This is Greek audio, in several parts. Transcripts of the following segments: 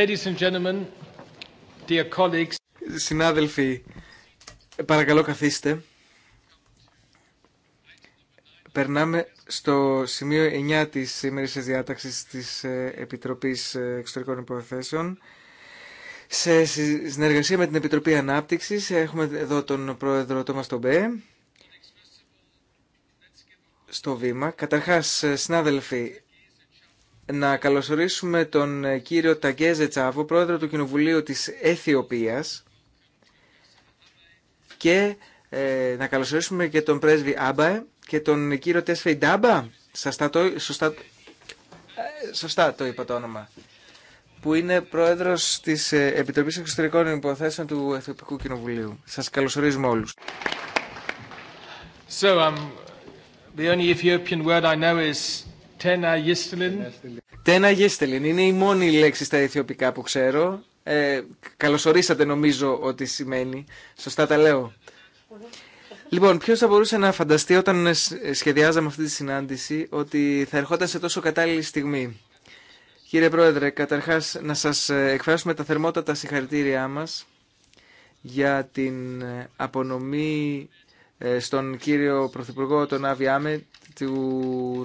Ladies and gentlemen, dear colleagues. Συνάδελφοι, παρακαλώ καθίστε. Περνάμε στο σημείο 9 της σήμερης διάταξης της ε, Επιτροπής ε, Εξωτερικών Υποθέσεων. Σε συνεργασία με την Επιτροπή Ανάπτυξης έχουμε εδώ τον πρόεδρο Τόμας Τομπέ στο βήμα. Καταρχάς, ε, συνάδελφοι, να καλωσορίσουμε τον ε, κύριο Ταγκέζε Τσάβο, πρόεδρο του Κοινοβουλίου της Αιθιοπίας και ε, να καλωσορίσουμε και τον πρέσβη Άμπαε και τον κύριο Τέσφεϊ Ντάμπα, σωστά το, σωστά, ε, σωστά το είπα το όνομα, που είναι πρόεδρος της Επιτροπής Εξωτερικών Υποθέσεων του Αιθιοπικού Κοινοβουλίου. Σας καλωσορίζουμε όλους. So, um, the only Ethiopian word I know is Τένα Γίστελιν. Τένα Είναι η μόνη λέξη στα αιθιοπικά που ξέρω. Ε, καλωσορίσατε νομίζω ότι σημαίνει. Σωστά τα λέω. Λοιπόν, ποιο θα μπορούσε να φανταστεί όταν σχεδιάζαμε αυτή τη συνάντηση ότι θα ερχόταν σε τόσο κατάλληλη στιγμή. Κύριε Πρόεδρε, καταρχάς να σας ε, εκφράσουμε τα θερμότατα συγχαρητήριά μας για την ε, απονομή ε, στον κύριο Πρωθυπουργό τον Άβη Άμετ του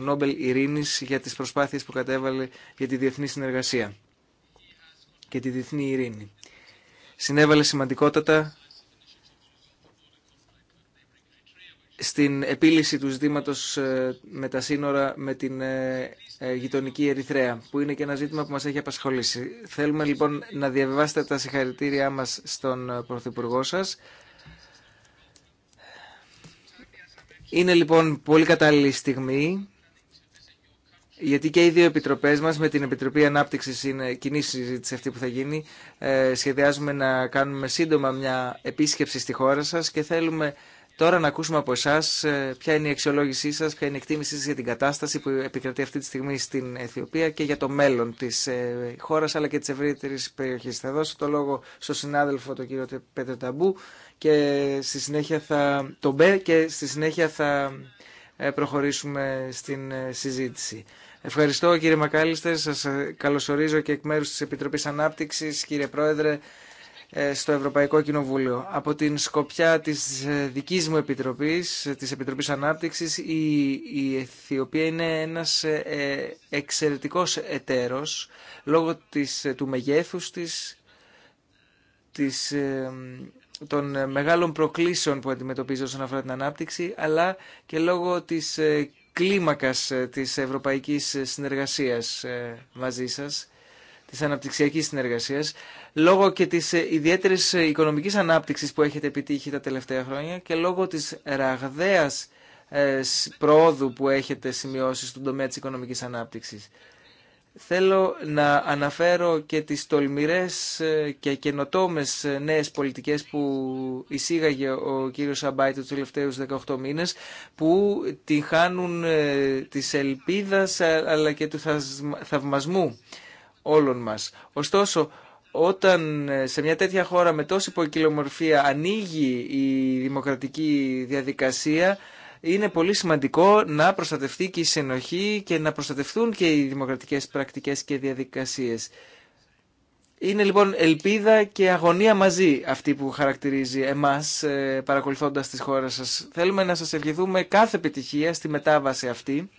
Νόμπελ Ειρήνης για τις προσπάθειες που κατέβαλε για τη διεθνή συνεργασία και τη διεθνή ειρήνη. Συνέβαλε σημαντικότατα στην επίλυση του ζητήματος ε, με τα σύνορα με την ε, ε, γειτονική Ερυθρέα, που είναι και ένα ζήτημα που μας έχει απασχολήσει. Θέλουμε λοιπόν να διαβιβάσετε τα συγχαρητήριά μας στον Πρωθυπουργό σας Είναι λοιπόν πολύ κατάλληλη στιγμή, γιατί και οι δύο επιτροπέ μα με την Επιτροπή ανάπτυξη είναι κοινή συζήτηση αυτή που θα γίνει, ε, σχεδιάζουμε να κάνουμε σύντομα μια επίσκεψη στη χώρα σα και θέλουμε Τώρα να ακούσουμε από εσά ε, ποια είναι η αξιολόγησή σα, ποια είναι η εκτίμησή σα για την κατάσταση που επικρατεί αυτή τη στιγμή στην Αιθιοπία και για το μέλλον τη ε, χώρα αλλά και τη ευρύτερη περιοχή. Θα δώσω το λόγο στον συνάδελφο, τον κύριο Πέτρε Ταμπού, και στη συνέχεια θα, το μπε και στη συνέχεια θα ε, προχωρήσουμε στην ε, συζήτηση. Ευχαριστώ κύριε Μακάλιστερ, σας ε, καλωσορίζω και εκ μέρους της Επιτροπής Ανάπτυξης, κύριε Πρόεδρε, στο Ευρωπαϊκό Κοινοβούλιο. Από την σκοπιά της δικής μου Επιτροπής, της Επιτροπής Ανάπτυξης, η, η είναι ένας εξαιρετικός εταίρος λόγω της, του μεγέθους της, της των ε, μεγάλων προκλήσεων που αντιμετωπίζει όσον αφορά την ανάπτυξη, αλλά και λόγω της ε, κλίμακας ε, της ευρωπαϊκής συνεργασίας μαζί σας, της αναπτυξιακής συνεργασίας, λόγω και της ιδιαίτερης οικονομικής ανάπτυξης που έχετε επιτύχει τα τελευταία χρόνια και λόγω της ραγδαίας προόδου που έχετε σημειώσει στον τομέα της οικονομικής ανάπτυξης. Θέλω να αναφέρω και τις τολμηρές ε, και καινοτόμες ε, νέες πολιτικές που εισήγαγε ο κύριος Σαμπάιτο τους τελευταίους 18 μήνες που την χάνουν ε, της ελπίδας αλλά και του θαυμασμού όλων μας. Ωστόσο, όταν σε μια τέτοια χώρα με τόση ποικιλομορφία ανοίγει η δημοκρατική διαδικασία είναι πολύ σημαντικό να προστατευτεί και η συνοχή και να προστατευτούν και οι δημοκρατικές πρακτικές και διαδικασίες. Είναι λοιπόν ελπίδα και αγωνία μαζί αυτή που χαρακτηρίζει εμάς ε, παρακολουθώντας τις χώρες σας. Θέλουμε να σας ευχηθούμε κάθε επιτυχία στη μετάβαση αυτή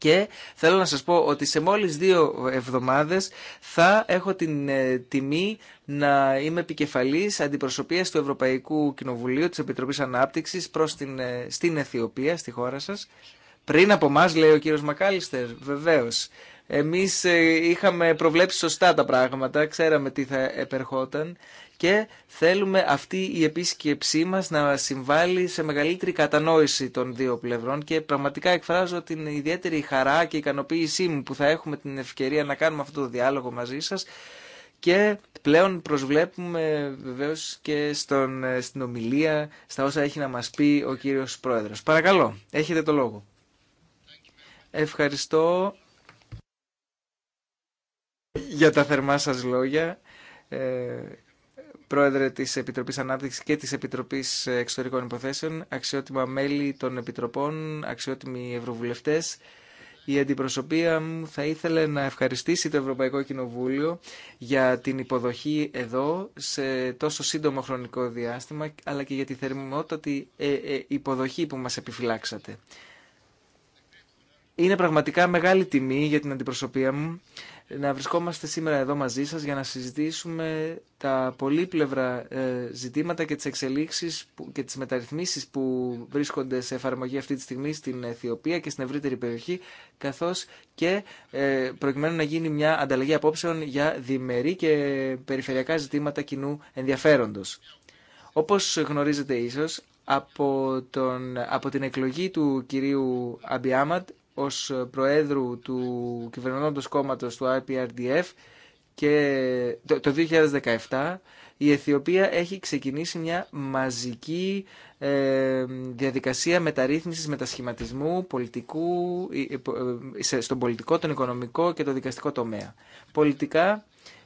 και θέλω να σας πω ότι σε μόλις δύο εβδομάδες θα έχω την ε, τιμή να είμαι επικεφαλής αντιπροσωπείας του Ευρωπαϊκού Κοινοβουλίου της Επιτροπής Ανάπτυξης προς την, ε, στην Αιθιοπία, στη χώρα σας. Πριν από εμά, λέει ο κύριος Μακάλιστερ, βεβαίως. Εμείς ε, είχαμε προβλέψει σωστά τα πράγματα, ξέραμε τι θα επερχόταν και θέλουμε αυτή η επίσκεψή μας να συμβάλλει σε μεγαλύτερη κατανόηση των δύο πλευρών και πραγματικά εκφράζω την ιδιαίτερη χαρά και ικανοποίησή μου που θα έχουμε την ευκαιρία να κάνουμε αυτό το διάλογο μαζί σας και πλέον προσβλέπουμε βεβαίως και στον, ε, στην ομιλία στα όσα έχει να μας πει ο κύριος Πρόεδρος. Παρακαλώ, έχετε το λόγο. Ευχαριστώ για τα θερμά σας λόγια. Ε, πρόεδρε της Επιτροπής Ανάπτυξη και της Επιτροπής Εξωτερικών Υποθέσεων, αξιότιμα μέλη των Επιτροπών, αξιότιμοι ευρωβουλευτές. Η αντιπροσωπεία μου θα ήθελε να ευχαριστήσει το Ευρωπαϊκό Κοινοβούλιο για την υποδοχή εδώ σε τόσο σύντομο χρονικό διάστημα, αλλά και για τη θερμότατη ε, ε, υποδοχή που μας επιφυλάξατε. Είναι πραγματικά μεγάλη τιμή για την αντιπροσωπεία μου να βρισκόμαστε σήμερα εδώ μαζί σας για να συζητήσουμε τα πολύπλευρα ε, ζητήματα και τις εξελίξεις και τις μεταρρυθμίσεις που βρίσκονται σε εφαρμογή αυτή τη στιγμή στην Αιθιοπία και στην ευρύτερη περιοχή, καθώς και ε, προκειμένου να γίνει μια ανταλλαγή απόψεων για διμερή και περιφερειακά ζητήματα κοινού ενδιαφέροντος. Όπως γνωρίζετε ίσως, από, τον, από την εκλογή του κυρίου Αμπιάματ ως Προέδρου του κυβερνώντος κόμματος του IPRDF και το 2017 η Αιθιοπία έχει ξεκινήσει μια μαζική ε, διαδικασία μεταρρύθμισης, μετασχηματισμού πολιτικού, ε, ε, στον πολιτικό, τον οικονομικό και το δικαστικό τομέα. Πολιτικά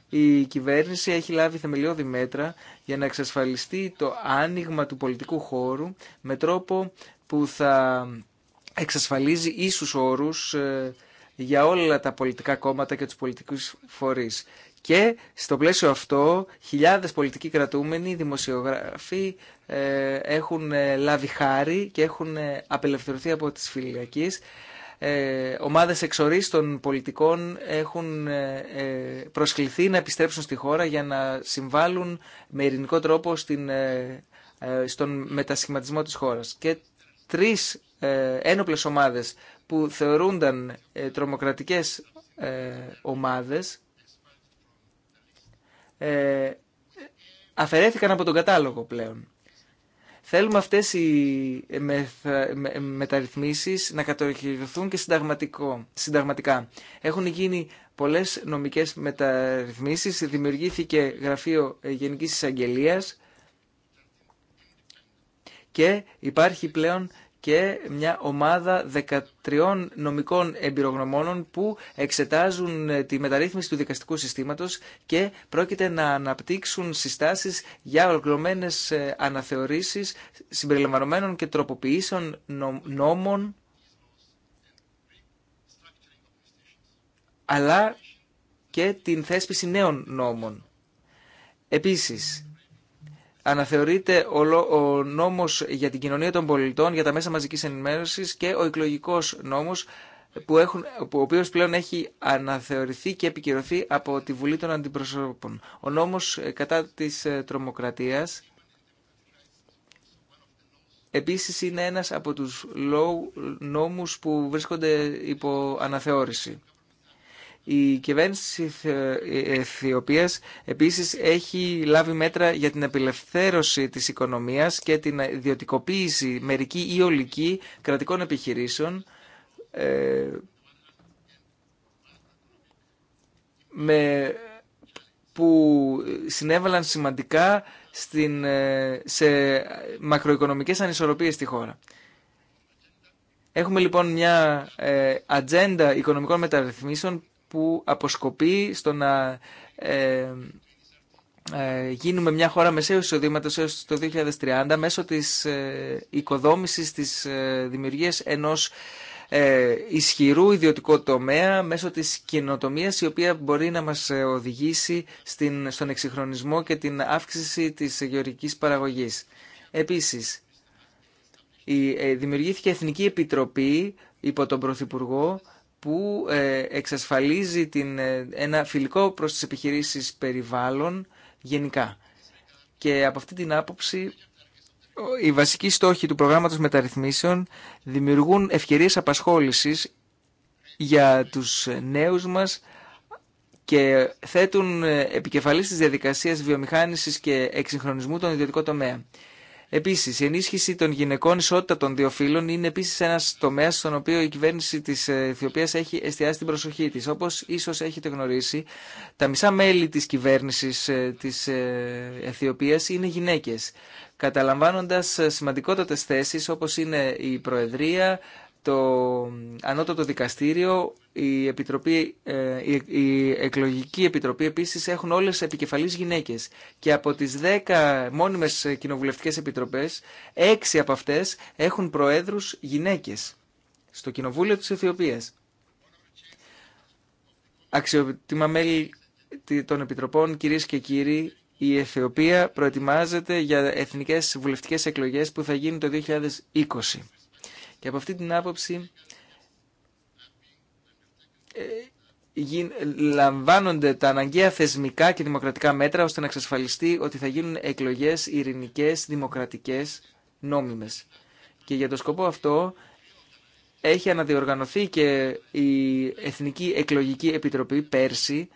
η κυβέρνηση έχει λάβει θεμελιώδη μέτρα για να εξασφαλιστεί το άνοιγμα του πολιτικού χώρου με τρόπο που θα εξασφαλίζει ίσους όρους ε, για όλα τα πολιτικά κόμματα και τους πολιτικούς φορείς. Και στο πλαίσιο αυτό, χιλιάδες πολιτικοί κρατούμενοι, δημοσιογράφοι ε, έχουν ε, λάβει χάρη και έχουν απελευθερωθεί από τις φιλιακείς. Ε, ομάδες εξορίστων των πολιτικών έχουν ε, προσκληθεί να επιστρέψουν στη χώρα για να συμβάλλουν με ειρηνικό τρόπο στην, στον μετασχηματισμό της χώρας. Και τρεις ε, ένοπλες ομάδες που θεωρούνταν ε, τρομοκρατικές ε, ομάδες αφαιρέθηκαν από τον κατάλογο πλέον. Θέλουμε αυτές οι μεταρρυθμίσεις να κατοχυρωθούν και συνταγματικά. Έχουν γίνει πολλές νομικές μεταρρυθμίσεις, δημιουργήθηκε γραφείο Γενικής Εισαγγελίας και υπάρχει πλέον και μια ομάδα 13 νομικών εμπειρογνωμόνων που εξετάζουν ε, τη μεταρρύθμιση του δικαστικού συστήματος και πρόκειται να αναπτύξουν συστάσεις για ολοκληρωμένες ε, αναθεωρήσεις συμπεριλαμβανομένων και τροποποιήσεων νόμων αλλά και την θέσπιση νέων νόμων. Επίσης, αναθεωρείται ο νόμος για την κοινωνία των πολιτών, για τα μέσα μαζικής ενημέρωσης και ο εκλογικός νόμος, που έχουν, ο οποίος πλέον έχει αναθεωρηθεί και επικυρωθεί από τη Βουλή των Αντιπροσώπων. Ο νόμος ε, κατά της ε, τρομοκρατίας επίσης είναι ένας από τους νόμους που βρίσκονται υπό αναθεώρηση. Η κυβέρνηση της Αιθιοπίας επίσης έχει λάβει μέτρα για την απελευθέρωση της οικονομίας και την ιδιωτικοποίηση μερική ή ολική κρατικών επιχειρήσεων ε, με, που συνέβαλαν σημαντικά στην, ε, σε μακροοικονομικές ανισορροπίες στη χώρα. Έχουμε λοιπόν μια ε, ατζέντα οικονομικών μεταρρυθμίσεων που αποσκοπεί στο να ε, ε, γίνουμε μια χώρα μεσαίου εισοδήματο έως το 2030 μέσω της ε, οικοδόμησης της ε, δημιουργίας ενός ε, ισχυρού ιδιωτικού τομέα μέσω της κοινοτομίας η οποία μπορεί να μας ε, οδηγήσει στην, στον εξυγχρονισμό και την αύξηση της γεωργικής παραγωγής. Επίσης, η, δημιουργήθηκε Εθνική Επιτροπή υπό τον Πρωθυπουργό που ε, εξασφαλίζει την, ε, ένα φιλικό προς τις επιχειρήσεις περιβάλλον γενικά. Και από αυτή την άποψη οι βασικοί στόχοι του προγράμματος μεταρρυθμίσεων δημιουργούν ευκαιρίες απασχόλησης για τους νέους μας και θέτουν ε, επικεφαλής της διαδικασίας βιομηχάνησης και εξυγχρονισμού των ιδιωτικών τομέα. Επίση, η ενίσχυση των γυναικών ισότητα των δύο φύλων είναι επίση ένα τομέα στον οποίο η κυβέρνηση τη Αιθιοπία έχει εστιάσει την προσοχή τη. Όπω ίσω έχετε γνωρίσει, τα μισά μέλη τη κυβέρνηση ε, τη ε, Αιθιοπία είναι γυναίκε. Καταλαμβάνοντα ε, σημαντικότατε θέσει όπω είναι η Προεδρία, το Ανώτατο Δικαστήριο, η, Επιτροπή, ε, η Εκλογική Επιτροπή επίσης έχουν όλες επικεφαλής γυναίκες και από τις 10 μόνιμες κοινοβουλευτικές επιτροπές, 6 από αυτές έχουν προέδρους γυναίκες στο Κοινοβούλιο της Αιθιοπίας. Αξιότιμα μέλη των Επιτροπών, κύριε και κύριοι, η Αιθιοπία προετοιμάζεται για εθνικές βουλευτικές εκλογές που θα γίνουν το 2020. Και από αυτή την άποψη ε, ε, λαμβάνονται τα αναγκαία θεσμικά και δημοκρατικά μέτρα ώστε να εξασφαλιστεί ότι θα γίνουν εκλογές ειρηνικές, δημοκρατικές, νόμιμες. Και για το σκοπό αυτό έχει αναδιοργανωθεί και η Εθνική Εκλογική Επιτροπή πέρσι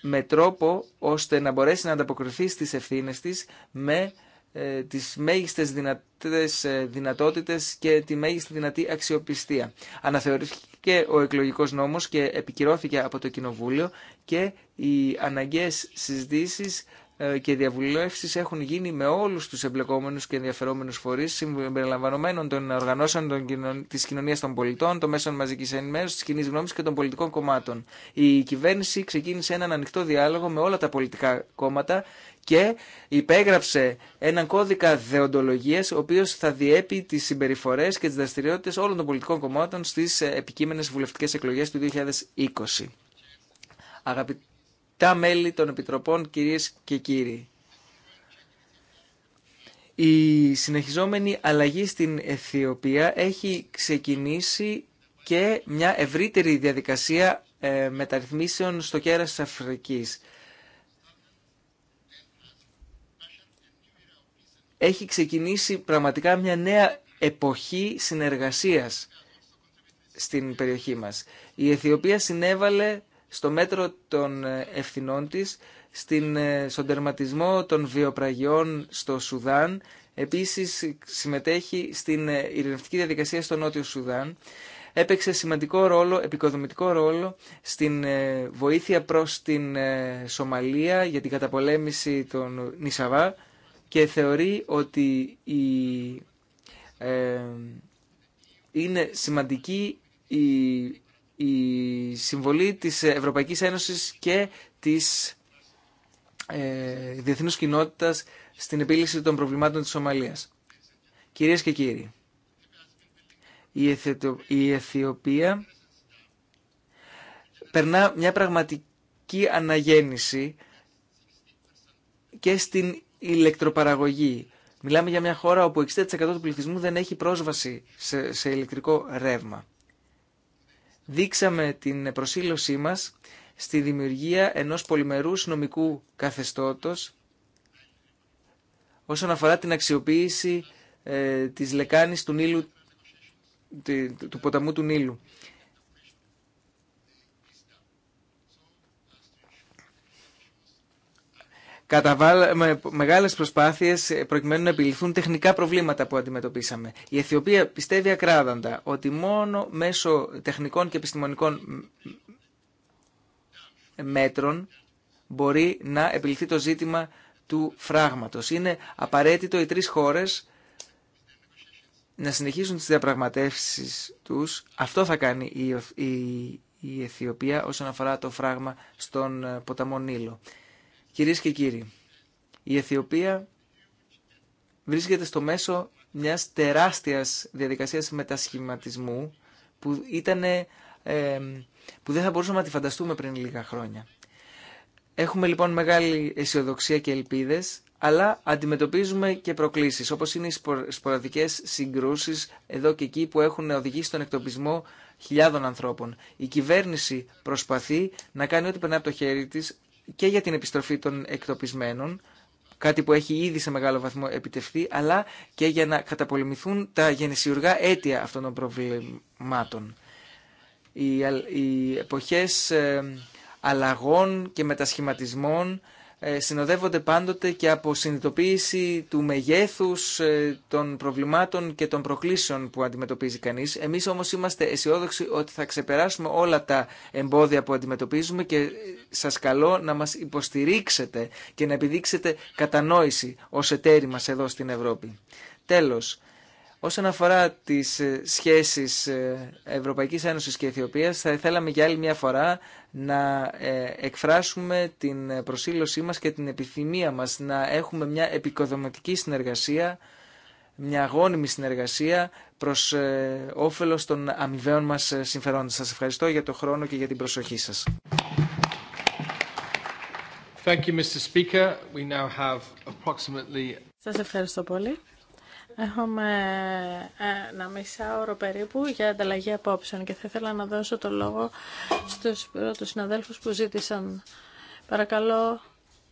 με τρόπο ώστε να μπορέσει να ανταποκριθεί στις ευθύνες της με ε, τις μέγιστες δυνατές ε, δυνατότητες και τη μέγιστη δυνατή αξιοπιστία. Αναθεωρήθηκε ο εκλογικός νόμος και επικυρώθηκε από το Κοινοβούλιο και οι αναγκαίες συζητήσεις ε, και διαβουλεύσεις έχουν γίνει με όλους τους εμπλεκόμενους και ενδιαφερόμενους φορείς συμπεριλαμβανομένων των οργανώσεων των κοινων... της κοινωνίας των πολιτών, των μέσων μαζικής ενημέρωσης, της κοινής γνώμης και των πολιτικών κομμάτων. Η κυβέρνηση ξεκίνησε έναν ανοιχτό διάλογο με όλα τα πολιτικά κόμματα και υπέγραψε έναν κώδικα δεοντολογίας ο οποίος θα διέπει τις συμπεριφορές και τις δραστηριότητες όλων των πολιτικών κομμάτων στις επικείμενες βουλευτικές εκλογές του 2020. Αγαπητά μέλη των Επιτροπών, κυρίες και κύριοι, η συνεχιζόμενη αλλαγή στην Αιθιοπία έχει ξεκινήσει και μια ευρύτερη διαδικασία ε, μεταρρυθμίσεων στο κέρας της Αφρικής. έχει ξεκινήσει πραγματικά μια νέα εποχή συνεργασίας στην περιοχή μας. Η Αιθιοπία συνέβαλε στο μέτρο των ευθυνών της στην, ε, στον τερματισμό των βιοπραγιών στο Σουδάν. Επίσης συμμετέχει στην ε, ειρηνευτική διαδικασία στο Νότιο Σουδάν. Έπαιξε σημαντικό ρόλο, επικοδομητικό ρόλο στην ε, βοήθεια προς την Σομαλία για την καταπολέμηση των Νισαβά και θεωρεί ότι ε, είναι σημαντική η, συμβολή της Ευρωπαϊκής Ένωσης και της ε, διεθνούς κοινότητας στην επίλυση των προβλημάτων της Σομαλίας. Κυρίες και κύριοι, η, η Αιθιοπία περνά μια πραγματική αναγέννηση και στην ηλεκτροπαραγωγή. Μιλάμε για μια χώρα όπου 60% του πληθυσμού δεν έχει πρόσβαση σε, ηλεκτρικό ρεύμα. Δείξαμε την προσήλωσή μας στη δημιουργία ενός πολυμερούς νομικού καθεστώτος όσον αφορά την αξιοποίηση ε, της λεκάνης του, Νείλου, του ποταμού του Νείλου καταβάλαμε μεγάλες προσπάθειες προκειμένου να επιληθούν τεχνικά προβλήματα που αντιμετωπίσαμε. Η Αιθιοπία πιστεύει ακράδαντα ότι μόνο μέσω τεχνικών και επιστημονικών μέτρων μπορεί να επιληθεί το ζήτημα του φράγματος. Είναι απαραίτητο οι τρεις χώρες να συνεχίσουν τις διαπραγματεύσεις τους. Αυτό θα κάνει η, η Αιθιοπία όσον αφορά το φράγμα στον ε, ποταμό Νείλο. Κυρίες και κύριοι, η Αιθιοπία βρίσκεται στο μέσο μιας τεράστιας διαδικασίας μετασχηματισμού που, ήτανε, που δεν θα μπορούσαμε να τη φανταστούμε πριν λίγα χρόνια. Έχουμε λοιπόν μεγάλη αισιοδοξία και ελπίδες, αλλά αντιμετωπίζουμε και προκλήσεις, όπως είναι οι σποραδικές συγκρούσεις εδώ και εκεί που έχουν οδηγήσει στον εκτοπισμό χιλιάδων ανθρώπων. Η κυβέρνηση προσπαθεί να κάνει ό,τι περνάει από το χέρι της, και για την επιστροφή των εκτοπισμένων, κάτι που έχει ήδη σε μεγάλο βαθμό επιτευχθεί, αλλά και για να καταπολεμηθούν τα γενεσιουργά αίτια αυτών των προβλημάτων. Οι εποχές ε, αλλαγών και μετασχηματισμών ε, συνοδεύονται πάντοτε και από συνειδητοποίηση του μεγέθους ε, των προβλημάτων και των προκλήσεων που αντιμετωπίζει κανείς. Εμείς όμως είμαστε αισιόδοξοι ότι θα ξεπεράσουμε όλα τα εμπόδια που αντιμετωπίζουμε και ε, σας καλώ να μας υποστηρίξετε και να επιδείξετε κατανόηση ως εταίροι μας εδώ στην Ευρώπη. Τέλος, Όσον αφορά τι ε, σχέσει ε, Ευρωπαϊκής Ένωσης και Αιθιοπία, θα θέλαμε για άλλη μια φορά να ε, εκφράσουμε την προσήλωσή μας και την επιθυμία μας να έχουμε μια επικοδομητική συνεργασία, μια αγώνιμη συνεργασία προς όφελος των αμοιβαίων μας συμφερόντων. Σας ευχαριστώ για το χρόνο και για την προσοχή σας. Thank Σας ευχαριστώ πολύ. Έχουμε ε, ένα μισάωρο περίπου για ανταλλαγή απόψεων και θα ήθελα να δώσω το λόγο στους πρώτους συναδέλφους που ζήτησαν. Παρακαλώ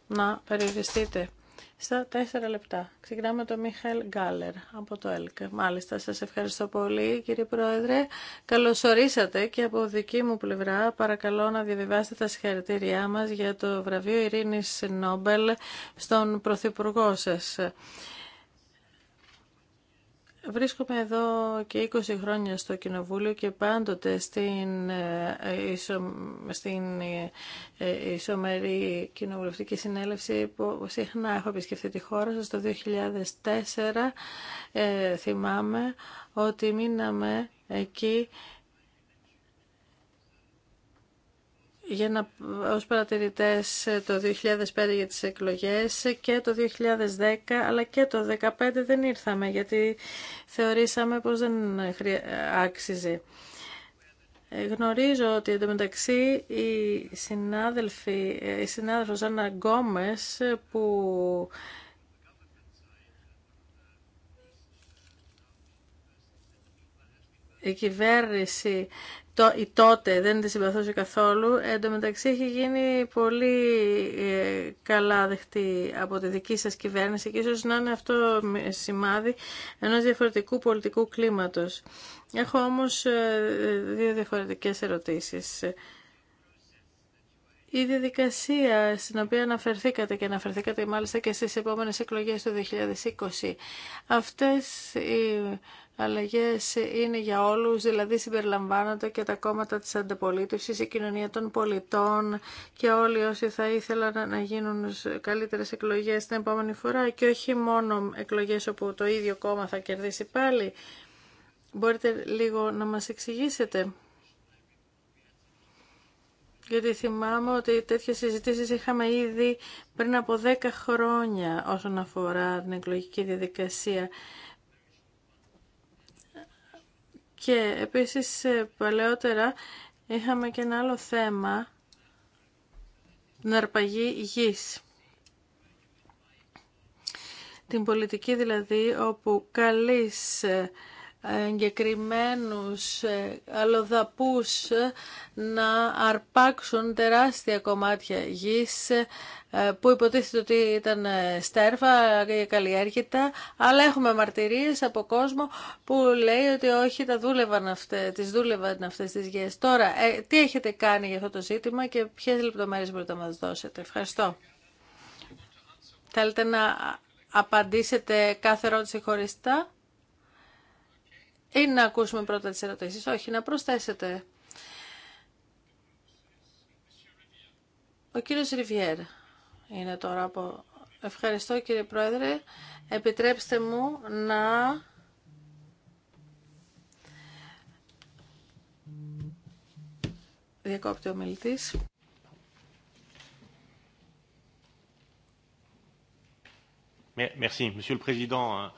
να περιοριστείτε στα τέσσερα λεπτά. Ξεκινάμε το Μιχαήλ Γκάλερ από το ΕΛΚ. Μάλιστα, σας ευχαριστώ πολύ κύριε Πρόεδρε. Καλώς ορίσατε και από δική μου πλευρά παρακαλώ να διαβιβάσετε τα συγχαρητήριά μας για το βραβείο Ειρήνης Νόμπελ στον Πρωθυπουργό σας. Βρίσκομαι εδώ και 20 χρόνια στο Κοινοβούλιο και πάντοτε στην, ε, στην ε, Ισομερή Κοινοβουλευτική Συνέλευση που συχνά έχω επισκεφθεί τη χώρα σας το 2004 ε, θυμάμαι ότι μείναμε εκεί για να, ως παρατηρητές ε, το 2005 για τις εκλογές και το 2010 αλλά και το 2015 δεν ήρθαμε γιατί θεωρήσαμε πως δεν άξιζε. Ε, γνωρίζω ότι εντωμεταξύ οι συνάδελφη, ε, η συνάδελφος Άννα Γκόμες που η κυβέρνηση το, η τότε δεν τη συμπαθούσε καθόλου. Εν τω μεταξύ έχει γίνει πολύ ε, καλά δεχτή από τη δική σας κυβέρνηση και ίσως να είναι αυτό σημάδι ενός διαφορετικού πολιτικού κλίματος. Έχω όμως ε, δύο διαφορετικές ερωτήσεις. Η διαδικασία στην οποία αναφερθήκατε και αναφερθήκατε μάλιστα και στις επόμενες εκλογές του 2020, αυτές οι Αλλαγέ είναι για όλους, δηλαδή συμπεριλαμβάνονται και τα κόμματα της αντεπολίτευση, η κοινωνία των πολιτών και όλοι όσοι θα ήθελαν να γίνουν καλύτερες εκλογές την επόμενη φορά και όχι μόνο εκλογές όπου το ίδιο κόμμα θα κερδίσει πάλι. Μπορείτε λίγο να μας εξηγήσετε. Γιατί θυμάμαι ότι τέτοιες συζητήσεις είχαμε ήδη πριν από 10 χρόνια όσον αφορά την εκλογική διαδικασία. Και επίσης ε, παλαιότερα είχαμε και ένα άλλο θέμα, την αρπαγή γης. Την πολιτική δηλαδή όπου καλείς ε, εγκεκριμένους ε, αλλοδαπούς ε, να αρπάξουν τεράστια κομμάτια γης ε, που υποτίθεται ότι ήταν στέρφα και καλλιέργητα, αλλά έχουμε μαρτυρίες από κόσμο που λέει ότι όχι, τα δούλευαν αυτέ τις δούλευαν αυτές τις γης. Τώρα, τι έχετε κάνει για αυτό το ζήτημα και ποιες λεπτομέρειες μπορείτε να μας δώσετε. Ευχαριστώ. Θέλετε να απαντήσετε κάθε ερώτηση χωριστά. Ή να ακούσουμε πρώτα τις ερωτήσεις. Όχι, να προσθέσετε. Ο κύριος Ριβιέρ είναι τώρα από... Ευχαριστώ κύριε Πρόεδρε. Επιτρέψτε μου να... Διακόπτει ο μιλητής. Merci, Monsieur le Président.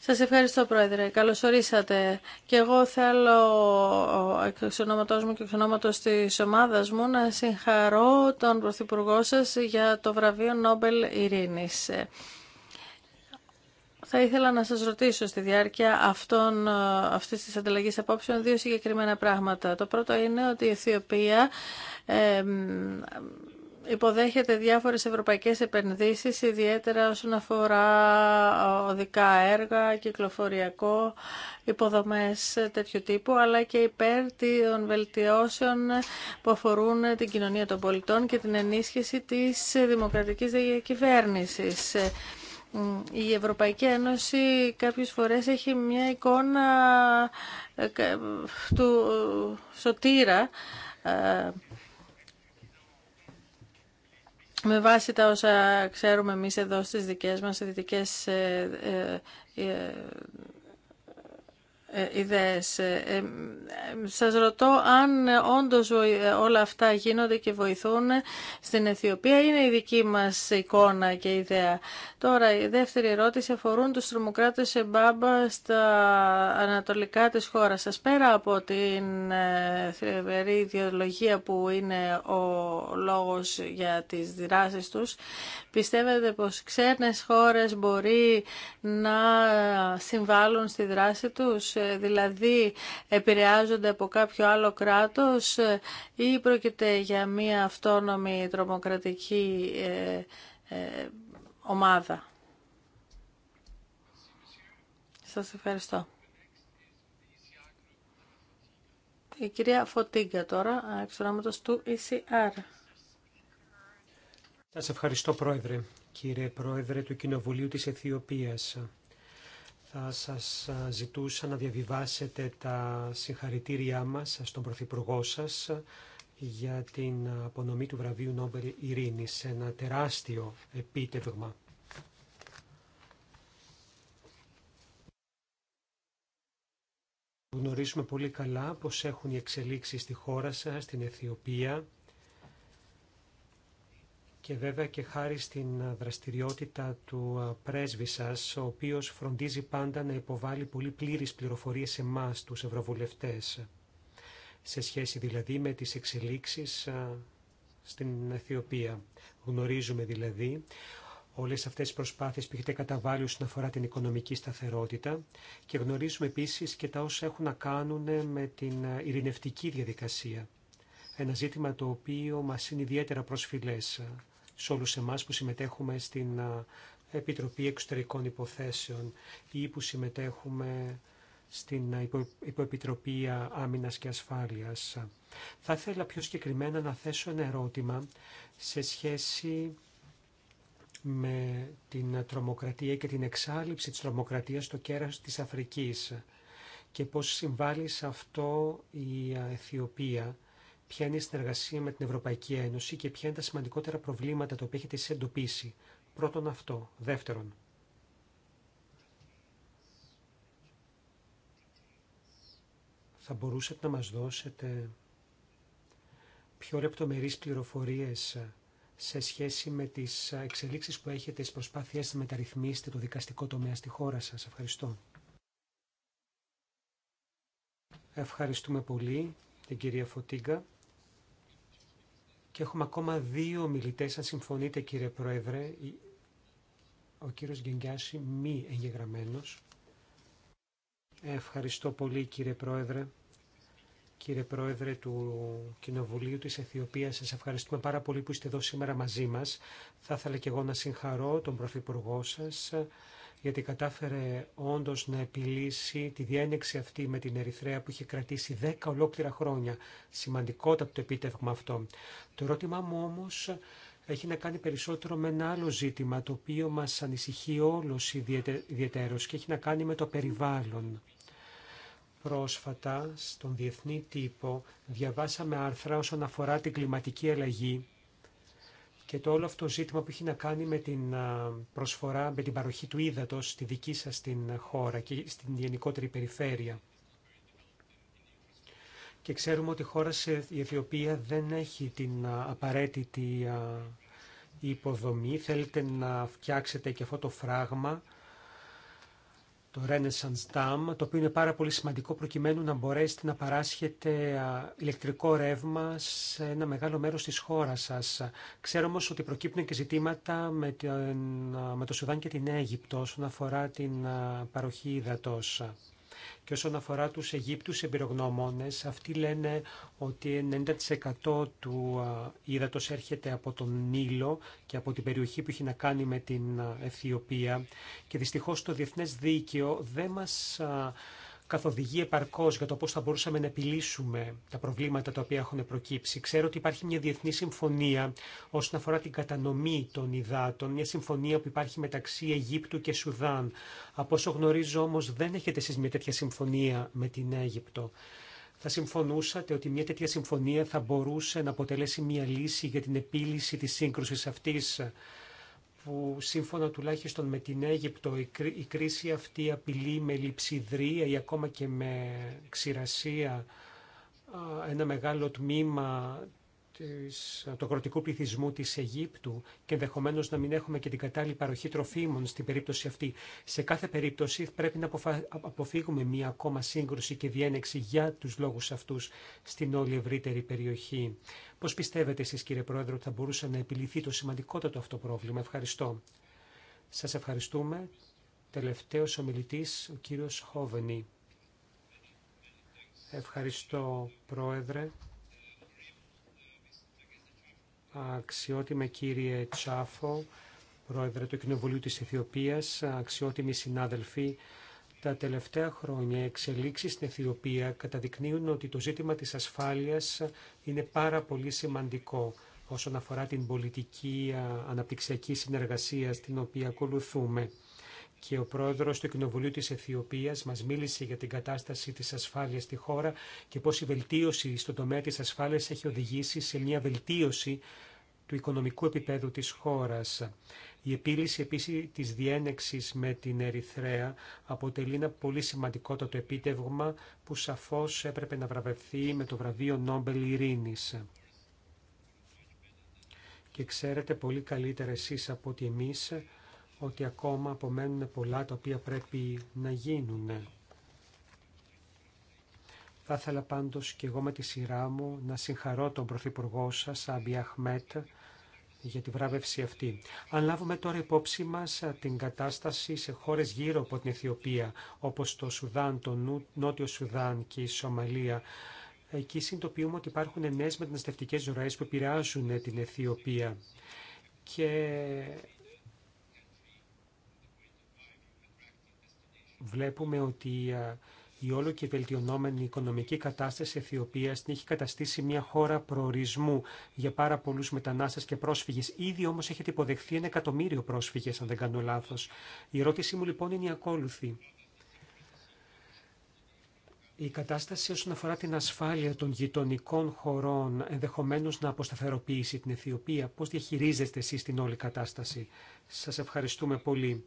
Σας ευχαριστώ Πρόεδρε. Καλώς ορίσατε. Και εγώ θέλω εξ ονόματός μου και εξ ονόματος της ομάδας μου να συγχαρώ τον Πρωθυπουργό σας για το βραβείο Νόμπελ Ειρήνης. Θα ήθελα να σας ρωτήσω στη διάρκεια αυτών, αυτής της ανταλλαγής απόψεων δύο συγκεκριμένα πράγματα. Το πρώτο είναι ότι η Αιθιοπία υποδέχεται διάφορες ευρωπαϊκές επενδύσεις, ιδιαίτερα όσον αφορά οδικά έργα, κυκλοφοριακό, υποδομές τέτοιου τύπου, αλλά και υπέρ των βελτιώσεων που αφορούν την κοινωνία των πολιτών και την ενίσχυση της δημοκρατικής διακυβέρνησης. Η Ευρωπαϊκή Ένωση κάποιες φορές έχει μια εικόνα ε, του ε, σωτήρα, ε, με βάση τα όσα ξέρουμε εμείς εδώ στις δικές μας δυτικές ε, ε, ε, ε, ιδέες. Ε, ε, σας ρωτώ αν όντως όλα αυτά γίνονται και βοηθούν στην Αιθιοπία. Είναι η δική μας εικόνα και ιδέα. Τώρα η δεύτερη ερώτηση αφορούν τους τρομοκράτες μπάμπα στα ανατολικά της χώρας σας. Πέρα από την θρεβερή ιδεολογία που είναι ο λόγος για τις δράσεις τους, πιστεύετε πως ξένες χώρες μπορεί να συμβάλλουν στη δράση τους ε, δηλαδή επηρεάζονται από κάποιο άλλο κράτος ε, ή πρόκειται για μια αυτόνομη τρομοκρατική ε, ομάδα. Σας ευχαριστώ. Η κυρία Φωτίγκα τώρα, εξ του ECR. Σας ευχαριστώ, Πρόεδρε. Κύριε Πρόεδρε του Κοινοβουλίου της Αιθιοπίας θα σας ζητούσα να διαβιβάσετε τα συγχαρητήριά μας στον Πρωθυπουργό σας για την απονομή του βραβείου Νόμπελ σε ένα τεράστιο επίτευγμα. Γνωρίζουμε πολύ καλά πως έχουν οι εξελίξεις στη χώρα σας, στην Αιθιοπία, και βέβαια και χάρη στην ε, δραστηριότητα του ε, πρέσβη σα, ο οποίο φροντίζει πάντα να υποβάλει πολύ πλήρε πληροφορίε σε εμά του ευρωβουλευτέ, σε σχέση δηλαδή με τι εξελίξεις ε, στην Αιθιοπία. Γνωρίζουμε δηλαδή όλες αυτέ τις προσπάθειε που έχετε καταβάλει όσον αφορά την οικονομική σταθερότητα και γνωρίζουμε επίση και τα όσα έχουν να κάνουν με την ειρηνευτική διαδικασία. Ένα ζήτημα το οποίο μας είναι ιδιαίτερα προσφυλές σε όλους εμάς που συμμετέχουμε στην Επιτροπή Εξωτερικών Υποθέσεων ή που συμμετέχουμε στην Υποεπιτροπή Άμυνας και Ασφάλειας. Θα ήθελα πιο συγκεκριμένα να θέσω ένα ερώτημα σε σχέση με την τρομοκρατία και την εξάλληψη της τρομοκρατίας στο κέρας της Αφρικής και πώς συμβάλλει σε αυτό η Αιθιοπία ποια είναι η συνεργασία με την Ευρωπαϊκή Ένωση και ποια είναι τα σημαντικότερα προβλήματα τα οποία έχετε εσείς εντοπίσει. Πρώτον αυτό. Δεύτερον, θα μπορούσατε να μας δώσετε πιο λεπτομερείς πληροφορίες σε σχέση με τις εξελίξεις που έχετε στις προσπάθειές να μεταρρυθμίσετε το δικαστικό τομέα στη χώρα σας. Ευχαριστώ. Ευχαριστούμε πολύ την κυρία Φωτίγκα. Και έχουμε ακόμα δύο μιλητές, αν συμφωνείτε κύριε Πρόεδρε, ο κύριος Γκενγκιάση μη εγγεγραμμένος. Ευχαριστώ πολύ κύριε Πρόεδρε. Κύριε Πρόεδρε του Κοινοβουλίου της Αιθιοπίας, σας ευχαριστούμε πάρα πολύ που είστε εδώ σήμερα μαζί μας. Θα ήθελα και εγώ να συγχαρώ τον Πρωθυπουργό σας γιατί κατάφερε όντως να επιλύσει τη διένεξη αυτή με την Ερυθρέα που είχε κρατήσει 10 ολόκληρα χρόνια. Σημαντικότατο το επίτευγμα αυτό. Το ερώτημά μου όμως έχει να κάνει περισσότερο με ένα άλλο ζήτημα το οποίο μας ανησυχεί όλος ιδιαίτερος και έχει να κάνει με το περιβάλλον. Πρόσφατα στον Διεθνή Τύπο διαβάσαμε άρθρα όσον αφορά την κλιματική αλλαγή και το όλο αυτό ζήτημα που έχει να κάνει με την προσφορά, με την παροχή του ύδατος στη δική σας την χώρα και στην γενικότερη περιφέρεια. Και ξέρουμε ότι η χώρα σε η Αιθιοπία δεν έχει την απαραίτητη υποδομή. Θέλετε να φτιάξετε και αυτό το φράγμα το Renaissance Dam, το οποίο είναι πάρα πολύ σημαντικό προκειμένου να μπορέσετε να παράσχετε ηλεκτρικό ρεύμα σε ένα μεγάλο μέρος της χώρας σας. Ξέρω όμως ότι προκύπτουν και ζητήματα με, με το Σουδάν και την Αίγυπτο όσον αφορά την παροχή υδατός. Και όσον αφορά τους Αιγύπτους εμπειρογνώμονες, αυτοί λένε ότι 90% του ύδατος έρχεται από τον Νείλο και από την περιοχή που έχει να κάνει με την Αιθιοπία. Και δυστυχώς το διεθνές δίκαιο δεν μας καθοδηγεί επαρκώ για το πώ θα μπορούσαμε να επιλύσουμε τα προβλήματα τα οποία έχουν προκύψει. Ξέρω ότι υπάρχει μια διεθνή συμφωνία όσον αφορά την κατανομή των υδάτων, μια συμφωνία που υπάρχει μεταξύ Αιγύπτου και Σουδάν. Από όσο γνωρίζω όμω δεν έχετε εσεί μια τέτοια συμφωνία με την Αίγυπτο. Θα συμφωνούσατε ότι μια τέτοια συμφωνία θα μπορούσε να αποτελέσει μια λύση για την επίλυση τη σύγκρουση αυτή που σύμφωνα τουλάχιστον με την Αίγυπτο η κρίση αυτή απειλεί με λειψιδρία ή ακόμα και με ξηρασία ένα μεγάλο τμήμα ε, του αγροτικού πληθυσμού τη Αιγύπτου και ενδεχομένω να μην έχουμε και την κατάλληλη παροχή τροφίμων στην περίπτωση αυτή. Σε κάθε περίπτωση πρέπει να αποφύγουμε μία ακόμα σύγκρουση και διένεξη για του λόγου αυτού στην όλη ευρύτερη περιοχή. Πώ πιστεύετε εσεί, κύριε Πρόεδρε ότι θα μπορούσε να επιληθεί το σημαντικότατο αυτό πρόβλημα. Ευχαριστώ. Σα ευχαριστούμε. Τελευταίος ομιλητή, ο κύριο Χόβενη. Ευχαριστώ, Πρόεδρε αξιότιμε κύριε Τσάφο, πρόεδρε του Κοινοβουλίου της Αιθιοπίας, αξιότιμοι συνάδελφοι, τα τελευταία χρόνια εξελίξει στην Αιθιοπία καταδεικνύουν ότι το ζήτημα της ασφάλειας είναι πάρα πολύ σημαντικό όσον αφορά την πολιτική ε, αναπτυξιακή συνεργασία στην οποία ακολουθούμε και ο πρόεδρος του Κοινοβουλίου της Αιθιοπίας μας μίλησε για την κατάσταση της ασφάλειας στη χώρα και πώς η βελτίωση στον τομέα της ασφάλειας έχει οδηγήσει σε μια βελτίωση του οικονομικού επίπεδου της χώρας. Η επίλυση επίσης της διένεξης με την Ερυθρέα αποτελεί ένα πολύ σημαντικότατο επίτευγμα που σαφώς έπρεπε να βραβευθεί με το βραβείο Νόμπελ Ειρήνης. Και ξέρετε πολύ καλύτερα εσείς από ότι εμείς ότι ακόμα απομένουν πολλά τα οποία πρέπει να γίνουν. Θα ήθελα πάντως και εγώ με τη σειρά μου να συγχαρώ τον Πρωθυπουργό σας, Άμπι Αχμέτ, για τη βράβευση αυτή. Αν λάβουμε τώρα υπόψη μας την κατάσταση σε χώρες γύρω από την Αιθιοπία, όπως το Σουδάν, το Νότιο Σουδάν και η Σομαλία, εκεί συνειδητοποιούμε ότι υπάρχουν νέες μεταναστευτικές ροές που επηρεάζουν την Αιθιοπία. Και βλέπουμε ότι ε, η όλο και βελτιωνόμενη οικονομική κατάσταση Αιθιοπίας την έχει καταστήσει μια χώρα προορισμού για πάρα πολλούς μετανάστες και πρόσφυγες. Ήδη όμως έχετε υποδεχθεί ένα εκατομμύριο πρόσφυγες, αν δεν κάνω λάθος. Η ερώτησή μου λοιπόν είναι η ακόλουθη. Η κατάσταση όσον αφορά την ασφάλεια των γειτονικών χωρών ενδεχομένως να αποσταθεροποιήσει την Αιθιοπία. Πώς διαχειρίζεστε εσείς την όλη κατάσταση. Σας ευχαριστούμε πολύ.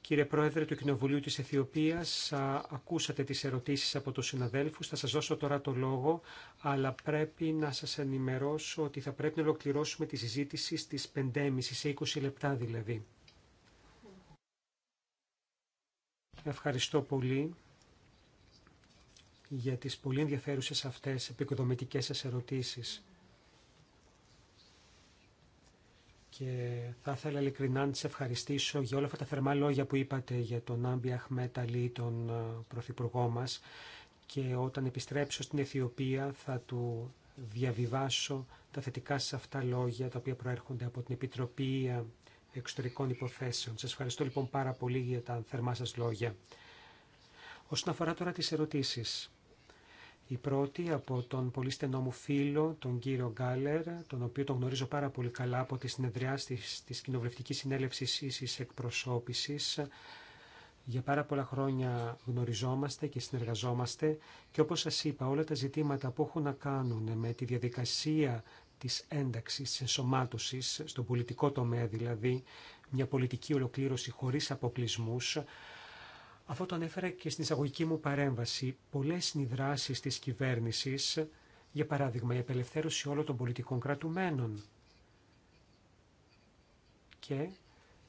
Κύριε Πρόεδρε του Κοινοβουλίου της Αιθιοπίας, ακούσατε τις ερωτήσεις από τους συναδέλφους. Θα σας δώσω τώρα το λόγο, αλλά πρέπει να σας ενημερώσω ότι θα πρέπει να ολοκληρώσουμε τη συζήτηση στις 5.30, σε 20 λεπτά δηλαδή. Ευχαριστώ πολύ για τις πολύ ενδιαφέρουσες αυτές επικοδομητικές σας ερωτήσεις. και θα ήθελα ειλικρινά να σε ευχαριστήσω για όλα αυτά τα θερμά λόγια που είπατε για τον Άμπι Αχμέτ των τον ε, Πρωθυπουργό μας και όταν επιστρέψω στην Αιθιοπία θα του διαβιβάσω τα θετικά σε αυτά λόγια τα οποία προέρχονται από την Επιτροπή ε, Εξωτερικών Υποθέσεων. Σας ευχαριστώ λοιπόν πάρα πολύ για τα θερμά σας λόγια. Όσον αφορά τώρα τις ερωτήσεις, η πρώτη από τον πολύ στενό μου φίλο, τον κύριο Γκάλερ, τον οποίο τον γνωρίζω πάρα πολύ καλά από τη συνεδριά της Κοινοβουλευτικής Συνέλευσης Ίσης Εκπροσώπησης. Για πάρα πολλά χρόνια γνωριζόμαστε και συνεργαζόμαστε και όπως σας είπα όλα τα ζητήματα που έχουν να κάνουν με τη διαδικασία της ένταξης, της ενσωμάτωσης, στον πολιτικό τομέα δηλαδή, μια πολιτική ολοκλήρωση χωρίς αποκλεισμούς, αυτό το ανέφερα και στην εισαγωγική μου παρέμβαση. Πολλέ είναι οι δράσει τη κυβέρνηση, για παράδειγμα η απελευθέρωση όλων των πολιτικών κρατουμένων. Και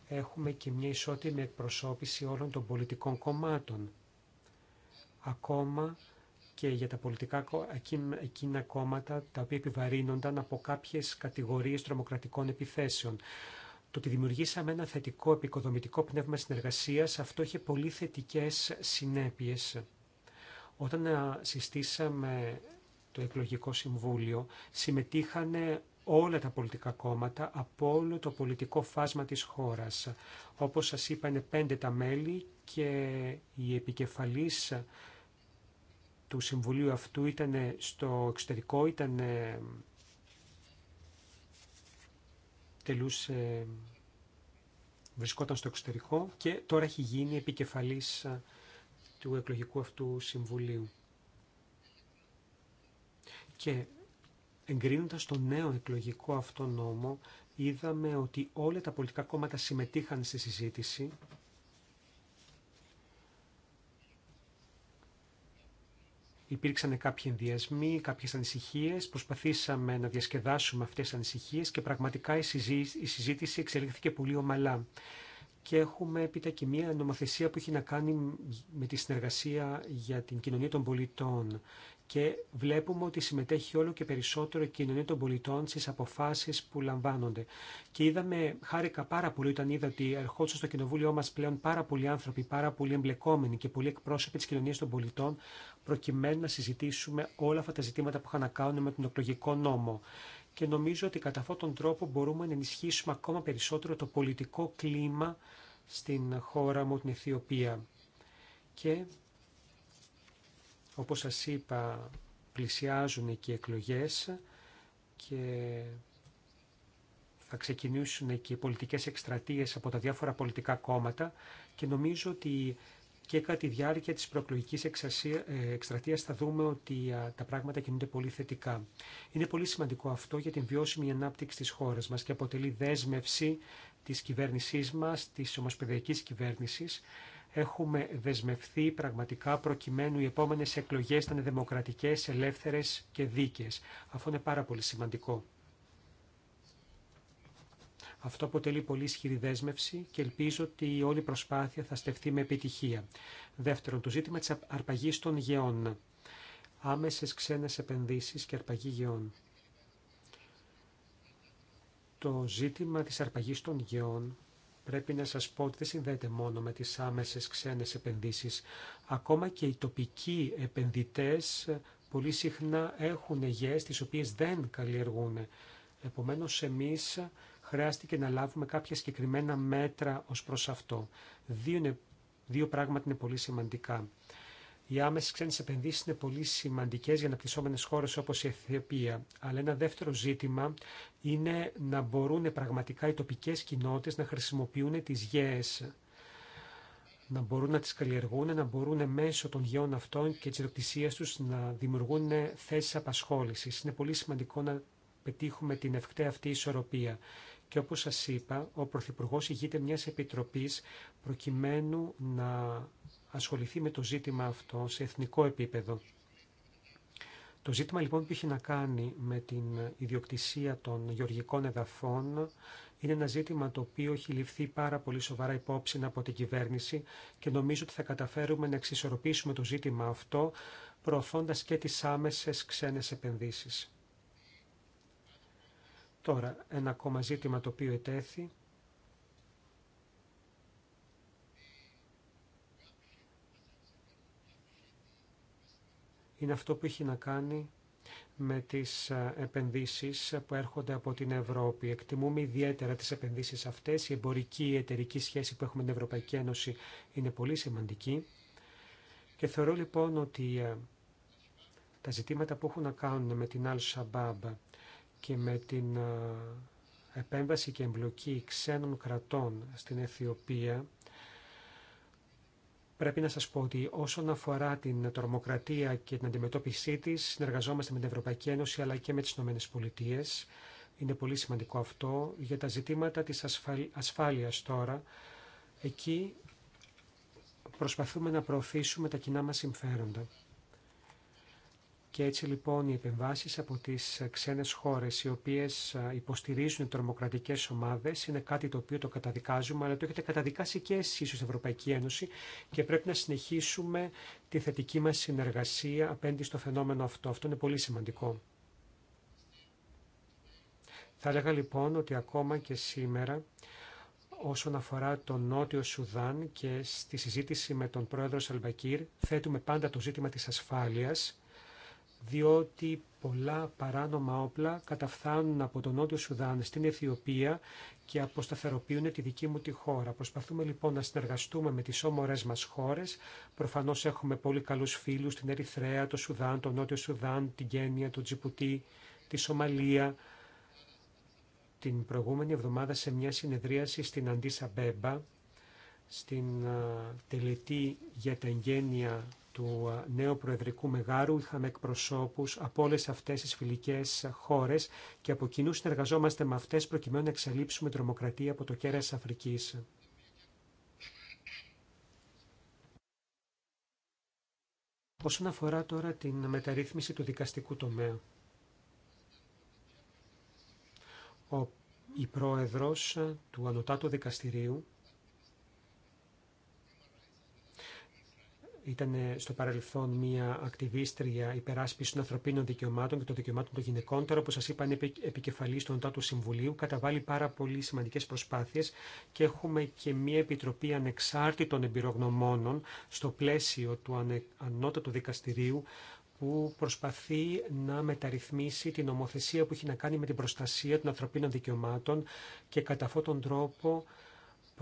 έχουμε και μια ισότιμη εκπροσώπηση όλων των πολιτικών κομμάτων. Ακόμα και για τα πολιτικά εκείνα κόμματα τα οποία επιβαρύνονταν από κάποιες κατηγορίες τρομοκρατικών επιθέσεων το ότι δημιουργήσαμε ένα θετικό επικοδομητικό πνεύμα συνεργασία, αυτό είχε πολύ θετικές συνέπειες. Όταν ε, συστήσαμε το εκλογικό συμβούλιο, συμμετείχαν όλα τα πολιτικά κόμματα από όλο το πολιτικό φάσμα της χώρας. Όπως σας είπα, είναι πέντε τα μέλη και η επικεφαλής του Συμβουλίου αυτού ήταν στο εξωτερικό, ήταν τελούσε, βρισκόταν στο εξωτερικό και τώρα έχει γίνει επικεφαλής ε, του εκλογικού αυτού συμβουλίου. Και εγκρίνοντας το νέο εκλογικό αυτό νόμο, είδαμε ότι όλα τα πολιτικά κόμματα συμμετείχαν στη συζήτηση Υπήρξαν κάποιοι ενδιασμοί, κάποιε ανησυχίε. προσπαθήσαμε να διασκεδάσουμε αυτέ τι ανησυχίε, και πραγματικά η συζήτηση εξελίχθηκε πολύ ομαλά. Και έχουμε έπειτα και μια νομοθεσία που έχει να κάνει με τη συνεργασία για την κοινωνία των πολιτών. Και βλέπουμε ότι συμμετέχει όλο και περισσότερο η κοινωνία των πολιτών στι αποφάσει που λαμβάνονται. Και είδαμε, χάρηκα πάρα πολύ όταν είδα ότι ερχόντουσαν στο κοινοβούλιο μα πλέον πάρα πολλοί άνθρωποι, πάρα πολλοί εμπλεκόμενοι και πολλοί εκπρόσωποι τη κοινωνία των πολιτών προκειμένου να συζητήσουμε όλα αυτά τα ζητήματα που είχαν να κάνουν με τον εκλογικό νόμο. Και νομίζω ότι κατά αυτόν τον τρόπο μπορούμε να ενισχύσουμε ακόμα περισσότερο το πολιτικό κλίμα στην χώρα μου, την Αιθιοπία. Και, όπως σας είπα, πλησιάζουν και οι εκλογές και θα ξεκινήσουν και οι πολιτικές εκστρατείες από τα διάφορα πολιτικά κόμματα και νομίζω ότι και κατά τη διάρκεια της προεκλογικής ε, εκστρατείας θα δούμε ότι τα πράγματα κινούνται πολύ θετικά. Είναι πολύ σημαντικό αυτό για την βιώσιμη ανάπτυξη της χώρας μας και αποτελεί δέσμευση της κυβέρνησής μας, της ομοσπεδιακής κυβέρνησης, έχουμε δεσμευθεί πραγματικά προκειμένου οι επόμενες εκλογές να είναι δημοκρατικές, ελεύθερες και δίκαιες. Αυτό είναι πάρα πολύ σημαντικό. Αυτό αποτελεί πολύ ισχυρή δέσμευση και ελπίζω ότι η όλη προσπάθεια θα στεφθεί με επιτυχία. Δεύτερον, το ζήτημα της αρπαγής των γεών. Άμεσες ξένες επενδύσεις και αρπαγή γεών. Το ζήτημα της αρπαγής των γεών πρέπει να σας πω ότι δεν συνδέεται μόνο με τις άμεσες ξένες επενδύσεις. Ακόμα και οι τοπικοί επενδυτές πολύ συχνά έχουν γεές τις οποίες δεν καλλιεργούν. Επομένως εμείς χρειάστηκε να λάβουμε κάποια συγκεκριμένα μέτρα ως προς αυτό. Δύο, είναι, δύο πράγματα είναι πολύ σημαντικά. Οι άμεσε ξένε επενδύσει είναι πολύ σημαντικέ για αναπτυσσόμενε χώρε όπω η Αιθιοπία. Αλλά ένα δεύτερο ζήτημα είναι να μπορούν πραγματικά οι τοπικέ κοινότητε να χρησιμοποιούν τι γέε. Να μπορούν να τι καλλιεργούν, να μπορούν μέσω των γεών αυτών και τη ιδιοκτησία του να δημιουργούν θέσει απασχόληση. Είναι πολύ σημαντικό να πετύχουμε την ευκταία αυτή ισορροπία. Και όπως σας είπα, ο Πρωθυπουργό ηγείται μιας επιτροπής προκειμένου να ασχοληθεί με το ζήτημα αυτό σε εθνικό επίπεδο. Το ζήτημα λοιπόν που έχει να κάνει με την ιδιοκτησία των γεωργικών εδαφών είναι ένα ζήτημα το οποίο έχει ληφθεί πάρα πολύ σοβαρά υπόψη από την κυβέρνηση και νομίζω ότι θα καταφέρουμε να εξισορροπήσουμε το ζήτημα αυτό προωθώντας και τις άμεσες ξένες επενδύσεις. Τώρα, ένα ακόμα ζήτημα το οποίο ετέθη. Είναι αυτό που έχει να κάνει με τις επενδύσεις που έρχονται από την Ευρώπη. Εκτιμούμε ιδιαίτερα τις επενδύσεις αυτές. Η εμπορική, η εταιρική σχέση που έχουμε με την Ευρωπαϊκή Ένωση είναι πολύ σημαντική. Και θεωρώ λοιπόν ότι τα ζητήματα που έχουν να κάνουν με την Al-Shabaab και με την ε, επέμβαση και εμπλοκή ξένων κρατών στην Αιθιοπία, πρέπει να σας πω ότι όσον αφορά την τρομοκρατία και την αντιμετώπιση της, συνεργαζόμαστε με την Ευρωπαϊκή Ένωση αλλά και με τις Ηνωμένες Πολιτείες. Είναι πολύ σημαντικό αυτό για τα ζητήματα της ασφάλειας τώρα. Εκεί προσπαθούμε να προωθήσουμε τα κοινά μας συμφέροντα. Και έτσι λοιπόν οι επεμβάσεις από τις ξένες χώρες οι οποίες υποστηρίζουν τρομοκρατικές ομάδες είναι κάτι το οποίο το καταδικάζουμε αλλά το έχετε καταδικάσει και εσείς ως Ευρωπαϊκή Ένωση και πρέπει να συνεχίσουμε τη θετική μας συνεργασία απέναντι στο φαινόμενο αυτό. Αυτό είναι πολύ σημαντικό. Θα έλεγα λοιπόν ότι ακόμα και σήμερα όσον αφορά τον Νότιο Σουδάν και στη συζήτηση με τον πρόεδρο Σαλμπακύρ θέτουμε πάντα το ζήτημα της ασφάλειας διότι πολλά παράνομα όπλα καταφθάνουν από τον Νότιο Σουδάν στην Αιθιοπία και αποσταθεροποιούν τη δική μου τη χώρα. Προσπαθούμε λοιπόν να συνεργαστούμε με τις όμορες μας χώρες. Προφανώς έχουμε πολύ καλούς φίλους στην Ερυθρέα, το Σουδάν, το Νότιο Σουδάν, την Κένια, το Τζιπουτί, τη Σομαλία. Την προηγούμενη εβδομάδα σε μια συνεδρίαση στην Αντίσα Μπέμπα, στην τελετή για τα εγγένεια του νέου Προεδρικού Μεγάρου είχαμε εκπροσώπου από όλε αυτές τις φιλικές χώρες και από κοινού συνεργαζόμαστε με αυτές προκειμένου να εξαλείψουμε τρομοκρατία από το τη Αφρική. Όσον αφορά τώρα την μεταρρύθμιση του δικαστικού τομέα. Ο, η πρόεδρος του Ανωτάτου Δικαστηρίου ήταν ε, στο παρελθόν μια ακτιβίστρια υπεράσπιση των ανθρωπίνων δικαιωμάτων και των δικαιωμάτων των γυναικών. Τώρα, όπω σα είπα, είναι επικεφαλή του Ανώτατου Συμβουλίου. Καταβάλει πάρα πολύ σημαντικέ προσπάθειε και έχουμε και μια επιτροπή ανεξάρτητων εμπειρογνωμόνων στο πλαίσιο του ανώτατου δικαστηρίου που προσπαθεί να μεταρρυθμίσει την νομοθεσία που έχει να κάνει με την προστασία των ανθρωπίνων δικαιωμάτων και κατά αυτόν τον τρόπο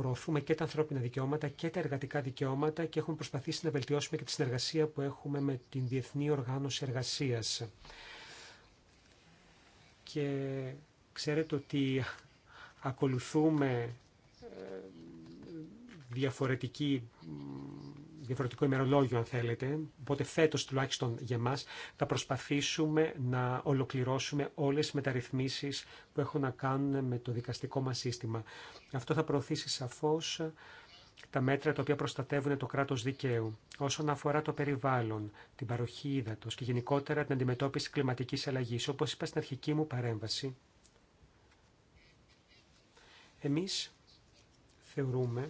προωθούμε και τα ανθρώπινα δικαιώματα και τα εργατικά δικαιώματα και έχουμε προσπαθήσει να βελτιώσουμε και τη συνεργασία που έχουμε με την Διεθνή Οργάνωση Εργασίας. Και ξέρετε ότι ακολουθούμε ε, διαφορετική διαφορετικό ημερολόγιο αν θέλετε, οπότε φέτο τουλάχιστον για εμά θα προσπαθήσουμε να ολοκληρώσουμε όλες τι μεταρρυθμίσεις που έχουν να κάνουν με το δικαστικό μας σύστημα. Αυτό θα προωθήσει σαφώς τα μέτρα τα οποία προστατεύουν το κράτος δικαίου όσον αφορά το περιβάλλον, την παροχή ύδατο και γενικότερα την αντιμετώπιση κλιματική αλλαγή, όπω είπα στην αρχική μου παρέμβαση, εμείς θεωρούμε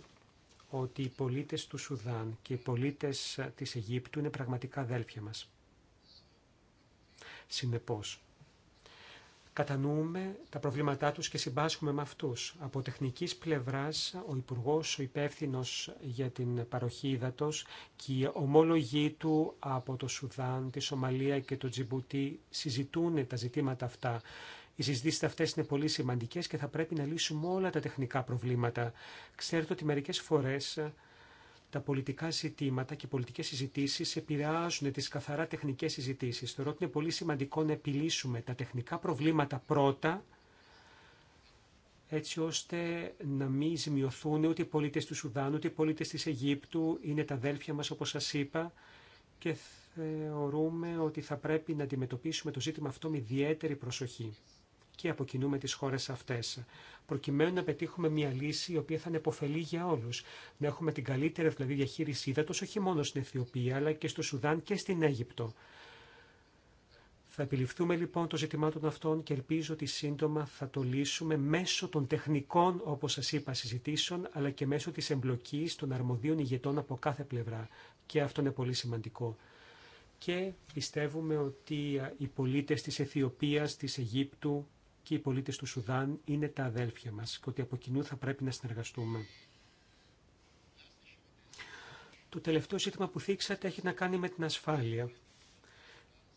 ότι οι πολίτες του Σουδάν και οι πολίτες της Αιγύπτου είναι πραγματικά αδέλφια μας. Συνεπώς, κατανοούμε τα προβλήματά τους και συμπάσχουμε με αυτούς. Από τεχνικής πλευράς, ο Υπουργός, ο υπεύθυνο για την παροχή ύδατος και οι ομόλογοι του από το Σουδάν, τη Σομαλία και το Τζιμπουτί συζητούν τα ζητήματα αυτά οι συζητήσει αυτέ είναι πολύ σημαντικέ και θα πρέπει να λύσουμε όλα τα τεχνικά προβλήματα. Ξέρετε ότι μερικέ φορέ ε, τα πολιτικά ζητήματα και οι πολιτικές συζητήσεις επηρεάζουν τι καθαρά τεχνικέ συζητήσει. Θεωρώ ότι είναι πολύ σημαντικό να επιλύσουμε τα τεχνικά προβλήματα πρώτα, έτσι ώστε να μην ζημιωθούν ούτε οι πολίτες του Σουδάνου, ούτε οι πολίτες της Αιγύπτου, είναι τα αδέλφια μας όπως σας είπα και θεωρούμε ότι θα πρέπει να αντιμετωπίσουμε το ζήτημα αυτό με ιδιαίτερη προσοχή και αποκοινούμε τις χώρες αυτές, προκειμένου να πετύχουμε μια λύση η οποία θα είναι υποφελή για όλου. Να έχουμε την καλύτερη δηλαδή διαχείριση ύδατο όχι μόνο στην Αιθιοπία αλλά και στο Σουδάν και στην Αίγυπτο. Θα επιληφθούμε λοιπόν των ζητημάτων αυτών και ελπίζω ότι σύντομα θα το λύσουμε μέσω των τεχνικών, όπω σα είπα, συζητήσεων, αλλά και μέσω τη εμπλοκή των αρμοδίων ηγετών από κάθε πλευρά. Και αυτό είναι πολύ σημαντικό. Και πιστεύουμε ότι οι πολίτες της Αιθιοπίας, της Αιγύπτου, και οι πολίτες του Σουδάν είναι τα αδέλφια μας και ότι από κοινού θα πρέπει να συνεργαστούμε. Το τελευταίο ζήτημα που θίξατε έχει να κάνει με την ασφάλεια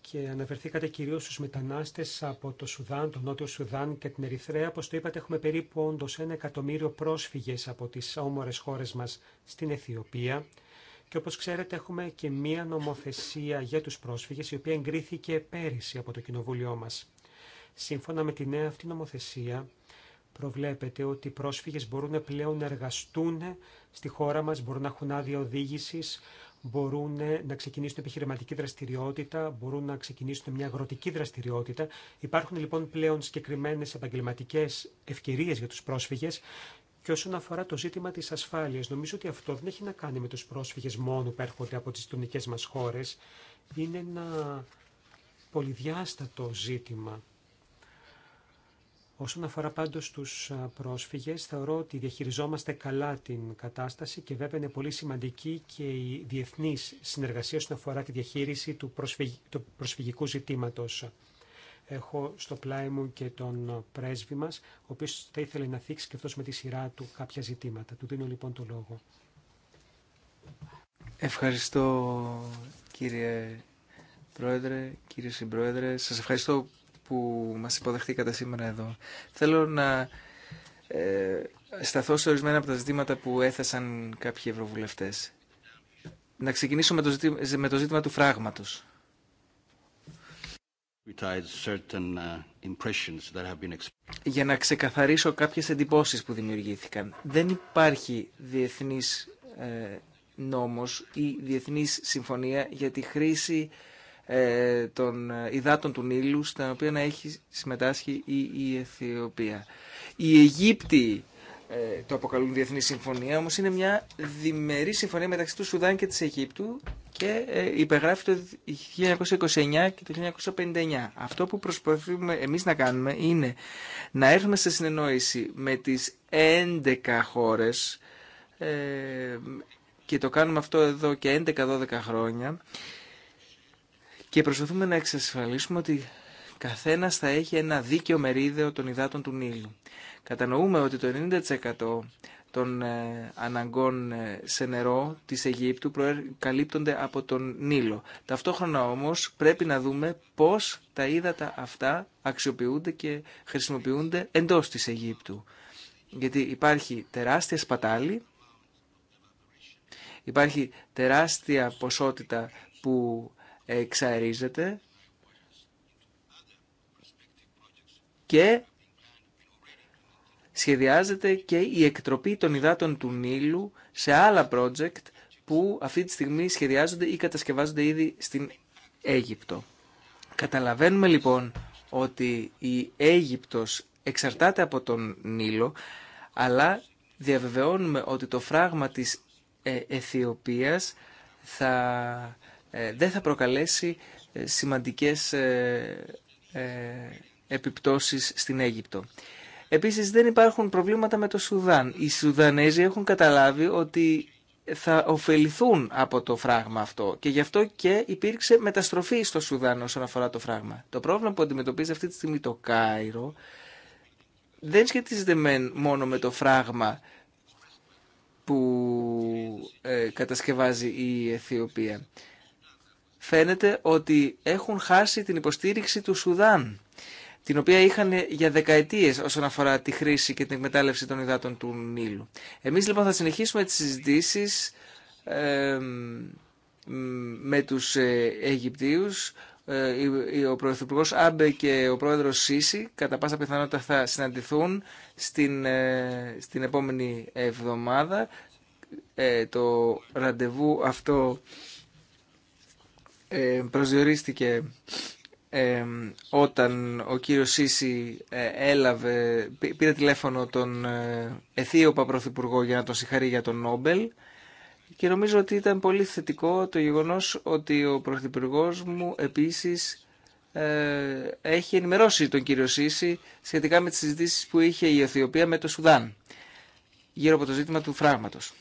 και αναφερθήκατε κυρίως στους μετανάστες από το Σουδάν, το Νότιο Σουδάν και την Ερυθρέα. Όπως το είπατε έχουμε περίπου όντω ένα εκατομμύριο πρόσφυγες από τις όμορες χώρες μας στην Αιθιοπία. Και όπως ξέρετε έχουμε και μία νομοθεσία για τους πρόσφυγες η οποία εγκρίθηκε πέρυσι από το Κοινοβούλιο μας. Σύμφωνα με τη νέα αυτή νομοθεσία, προβλέπεται ότι οι πρόσφυγες μπορούν πλέον να εργαστούν στη χώρα μας, μπορούν να έχουν άδεια οδήγηση, μπορούν να ξεκινήσουν επιχειρηματική δραστηριότητα, μπορούν να ξεκινήσουν μια αγροτική δραστηριότητα. Υπάρχουν λοιπόν πλέον συγκεκριμένε επαγγελματικέ ευκαιρίε για του πρόσφυγε. Και όσον αφορά το ζήτημα τη ασφάλεια, νομίζω ότι αυτό δεν έχει να κάνει με του πρόσφυγε μόνο που έρχονται από τι γειτονικέ μα χώρε. Είναι ένα πολυδιάστατο ζήτημα. Όσον αφορά πάντω τους πρόσφυγε. θεωρώ ότι διαχειριζόμαστε καλά την κατάσταση και βέβαια είναι πολύ σημαντική και η διεθνής συνεργασία όσον αφορά τη διαχείριση του, προσφυγικού ζητήματος. Έχω στο πλάι μου και τον πρέσβη μας, ο οποίος θα ήθελε να θίξει και αυτό με τη σειρά του κάποια ζητήματα. Του δίνω λοιπόν το λόγο. Ευχαριστώ κύριε Πρόεδρε, κύριε Συμπρόεδρε. Σας ευχαριστώ που μας υποδεχτήκατε σήμερα εδώ. Θέλω να ε, σταθώ σε ορισμένα από τα ζητήματα που έθεσαν κάποιοι ευρωβουλευτές. Να ξεκινήσω με το, με το ζήτημα του φράγματος. Uh, για να ξεκαθαρίσω κάποιες εντυπώσεις που δημιουργήθηκαν. Δεν υπάρχει διεθνής ε, νόμος ή διεθνής συμφωνία για τη χρήση ε, των ε, υδάτων του Νείλου, στα οποία να έχει συμμετάσχει η Αιθιοπία. η Αιγύπτιοι ε, το αποκαλούν διεθνή συμφωνία, όμως είναι μια διμερή συμφωνία μεταξύ του Σουδάν και της Αιγύπτου και υπεγράφει το 1929 και το 1959. Αυτό που προσπαθούμε εμείς να κάνουμε είναι να έρθουμε σε συνεννόηση με τις 11 χώρες και το κάνουμε αυτό εδώ και 11-12 χρόνια και προσπαθούμε να εξασφαλίσουμε ότι καθένα θα έχει ένα δίκαιο μερίδιο των υδάτων του Νείλου. Κατανοούμε ότι το 90% των ε, αναγκών ε, σε νερό της Αιγύπτου καλύπτονται από τον Νείλο. Ταυτόχρονα όμως πρέπει να δούμε πώς τα ύδατα αυτά αξιοποιούνται και χρησιμοποιούνται εντός της Αιγύπτου. Γιατί υπάρχει τεράστια σπατάλη, υπάρχει τεράστια ποσότητα που εξαερίζεται και σχεδιάζεται και η εκτροπή των υδάτων του Νείλου σε άλλα project που αυτή τη στιγμή σχεδιάζονται ή κατασκευάζονται ήδη στην Αίγυπτο. Καταλαβαίνουμε λοιπόν ότι η Αίγυπτος εξαρτάται από τον Νείλο, αλλά διαβεβαιώνουμε ότι το φράγμα της ε, Αιθιοπίας θα ε, δεν θα προκαλέσει ε, σημαντικές ε, επιπτώσεις στην Αίγυπτο. Επίσης δεν υπάρχουν προβλήματα με το Σουδάν. Οι Σουδανέζοι έχουν καταλάβει ότι θα ωφεληθούν από το φράγμα αυτό και γι' αυτό και υπήρξε μεταστροφή στο Σουδάν όσον αφορά το φράγμα. Το πρόβλημα που αντιμετωπίζει αυτή τη στιγμή το Κάιρο δεν σχετίζεται μόνο με το φράγμα που κατασκευάζει η Αιθιοπία φαίνεται ότι έχουν χάσει την υποστήριξη του Σουδάν, την οποία είχαν για δεκαετίες όσον αφορά τη χρήση και την εκμετάλλευση των υδάτων του Νείλου. Εμείς λοιπόν θα συνεχίσουμε τις συζητήσεις με τους ε, Αιγυπτίους, ε, ο Πρωθυπουργός Άμπε και ο Πρόεδρος Σίση κατά πάσα πιθανότητα θα συναντηθούν στην, ε, στην επόμενη εβδομάδα. το ραντεβού αυτό προσδιορίστηκε όταν ο κύριος Σίση ε, έλαβε, πήρε τηλέφωνο τον ε, Αιθίωπα Πρωθυπουργό για να τον συγχαρεί για τον Νόμπελ και νομίζω ότι ήταν πολύ θετικό το γεγονός ότι ο Πρωθυπουργό μου επίσης ε, έχει ενημερώσει τον κύριο Σίση σχετικά με τις συζητήσεις που είχε η Αιθιοπία με το Σουδάν γύρω από το ζήτημα του φράγματος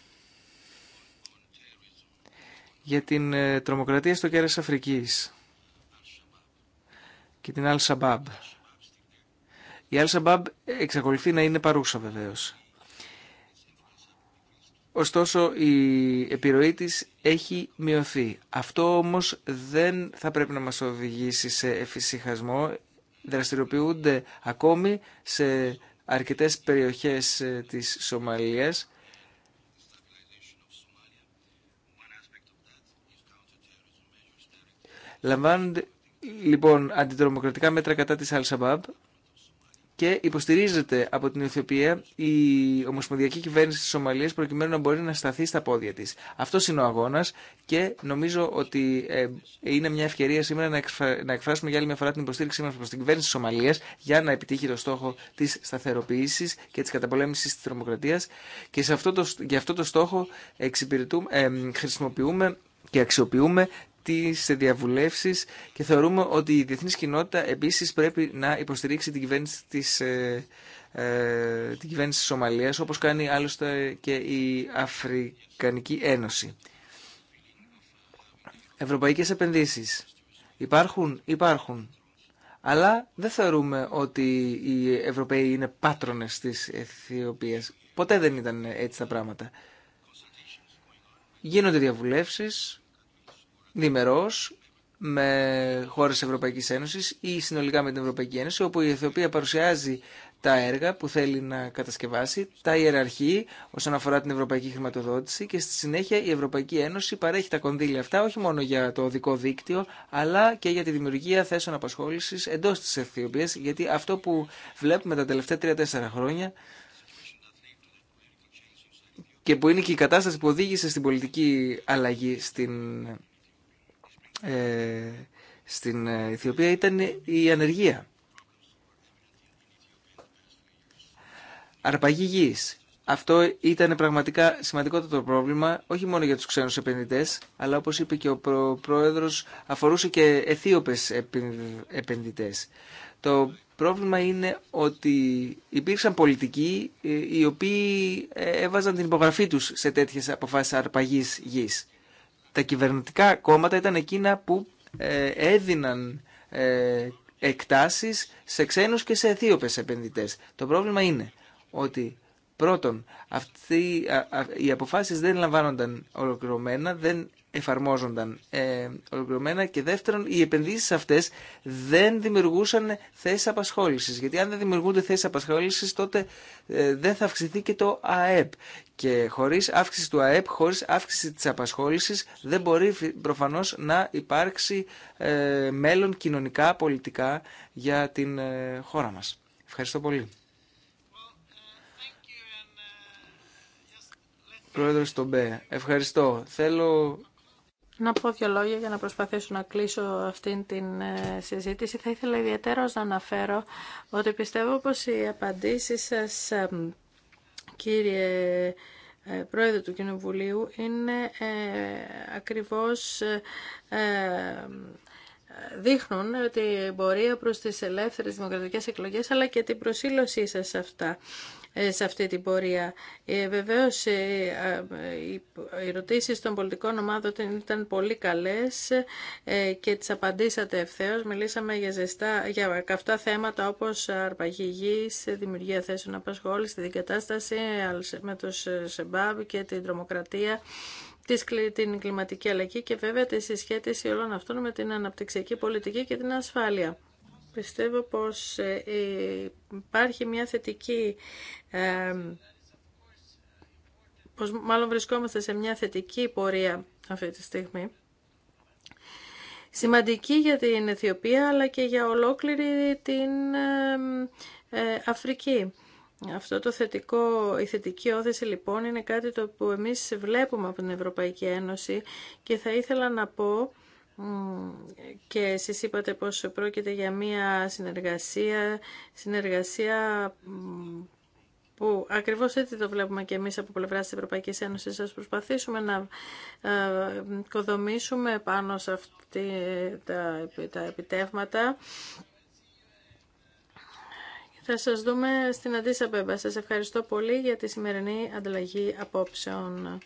για την ε, τρομοκρατία στο κέρας Αφρικής και την Al-Shabaab. Η Al-Shabaab εξακολουθεί να είναι παρούσα βεβαίως. Ωστόσο η επιρροή της έχει μειωθεί. Αυτό όμως δεν θα πρέπει να μας οδηγήσει σε εφησυχασμό. Δραστηριοποιούνται ακόμη σε αρκετές περιοχές ε, της Σομαλίας Λαμβάνονται λοιπόν αντιτρομοκρατικά μέτρα κατά της Al-Shabaab και υποστηρίζεται από την Αιθιοπία η Ομοσπονδιακή Κυβέρνηση της Σομαλίας προκειμένου να μπορεί να σταθεί στα πόδια της. Αυτό είναι ο αγώνας και νομίζω ότι ε, είναι μια ευκαιρία σήμερα να εκφράσουμε για άλλη μια φορά την υποστήριξή μας προς την κυβέρνηση της Σομαλίας για να επιτύχει το στόχο της σταθεροποίησης και της καταπολέμησης της τρομοκρατίας και σε αυτό το, για αυτό το στόχο ε, χρησιμοποιούμε και αξιοποιούμε σε διαβουλεύσεις και θεωρούμε ότι η διεθνή κοινότητα επίσης πρέπει να υποστηρίξει την κυβέρνηση της ε, ε, την κυβέρνηση της Σομαλίας, όπως κάνει άλλωστε και η Αφρικανική Ένωση. Ευρωπαϊκές επενδύσεις υπάρχουν, υπάρχουν, αλλά δεν θεωρούμε ότι οι Ευρωπαίοι είναι πάτρονες της Αιθιοπίας. Ποτέ δεν ήταν έτσι τα πράγματα. Γίνονται διαβουλεύσεις, διμερός με χώρες Ευρωπαϊκή Ένωση ή συνολικά με την Ευρωπαϊκή Ένωση, όπου η Αιθιοπία παρουσιάζει τα έργα που θέλει να κατασκευάσει, τα ιεραρχεί όσον αφορά την ευρωπαϊκή χρηματοδότηση και στη συνέχεια η Ευρωπαϊκή Ένωση παρέχει τα κονδύλια αυτά όχι μόνο για το οδικό δίκτυο αλλά και για τη δημιουργία θέσεων απασχόληση εντό τη Αιθιοπία. γιατί αυτό που βλέπουμε τα τελευταία 3-4 χρόνια και που είναι και η κατάσταση που οδήγησε στην πολιτική αλλαγή στην ε, στην ε, Αιθιοπία ήταν η ανεργία. Αρπαγή γης. Αυτό ήταν πραγματικά σημαντικό το πρόβλημα, όχι μόνο για τους ξένους επενδυτές, αλλά όπως είπε και ο Πρόεδρος, αφορούσε και αιθίωπες επενδυτές. Το πρόβλημα είναι ότι υπήρξαν πολιτικοί ε, οι οποίοι έβαζαν την υπογραφή τους σε τέτοιες αποφάσεις αρπαγής γης τα κυβερνητικά κόμματα ήταν εκείνα που ε, έδιναν ε, εκτάσεις σε ξένους και σε αιθίωπες επενδυτές. Το πρόβλημα είναι ότι πρώτον οι αποφάσεις δεν λαμβάνονταν ολοκληρωμένα, δεν εφαρμόζονταν ε, ολοκληρωμένα και δεύτερον οι επενδύσεις αυτές δεν δημιουργούσαν θέσεις απασχόλησης γιατί αν δεν δημιουργούνται θέσεις απασχόλησης τότε ε, δεν θα αυξηθεί και το ΑΕΠ και χωρίς αύξηση του ΑΕΠ, χωρίς αύξηση της απασχόλησης δεν μπορεί προφανώς να υπάρξει ε, μέλλον κοινωνικά, πολιτικά για την ε, χώρα μας. Ευχαριστώ πολύ. Uh, uh, Πρόεδρος Τομπέ, ευχαριστώ. Θέλω να πω δύο λόγια για να προσπαθήσω να κλείσω αυτήν την ε, συζήτηση. Θα ήθελα ιδιαίτερα να αναφέρω ότι πιστεύω πως οι απαντήσεις σας, κύριε ε, Πρόεδρε του Κοινοβουλίου, είναι ε, ακριβώς δείχνουν ότι μπορεί πορεία προς τις ελεύθερες δημοκρατικές εκλογές αλλά και την προσήλωσή σας σε αυτά. Ε, σε αυτή την πορεία. Ε, βεβαίως, ε, οι ερωτήσεις των πολιτικών ομάδων ήταν πολύ καλές και τις απαντήσατε ευθέως. Μιλήσαμε για, ζεστά, για καυτά θέματα όπως αρπαγή γης, δημιουργία θέσεων απασχόλησης, την κατάσταση με τους ΣΕΜΠΑΒ και την τρομοκρατία την κλιματική αλλαγή και βέβαια τη συσχέτιση όλων αυτών με την αναπτυξιακή πολιτική και την ασφάλεια. Πιστεύω πως ε, υπάρχει μια θετική, πως μάλλον βρισκόμαστε σε μια θετική πορεία αυτή τη στιγμή. Σημαντική για την Αιθιοπία αλλά και για ολόκληρη την ε, Αφρική. Αυτό το θετικό, η θετική όθεση λοιπόν είναι κάτι το που εμείς βλέπουμε από την Ευρωπαϊκή Ένωση και θα ήθελα να πω και εσείς είπατε πως πρόκειται για μία συνεργασία, συνεργασία που ακριβώς έτσι το βλέπουμε και εμείς από πλευρά της Ευρωπαϊκής Ένωσης, ας προσπαθήσουμε να ε, κοδομήσουμε πάνω σε αυτή τα, τα επιτεύγματα. Θα σας δούμε στην Αντίσα Πέμπα. Σας ευχαριστώ πολύ για τη σημερινή ανταλλαγή απόψεων.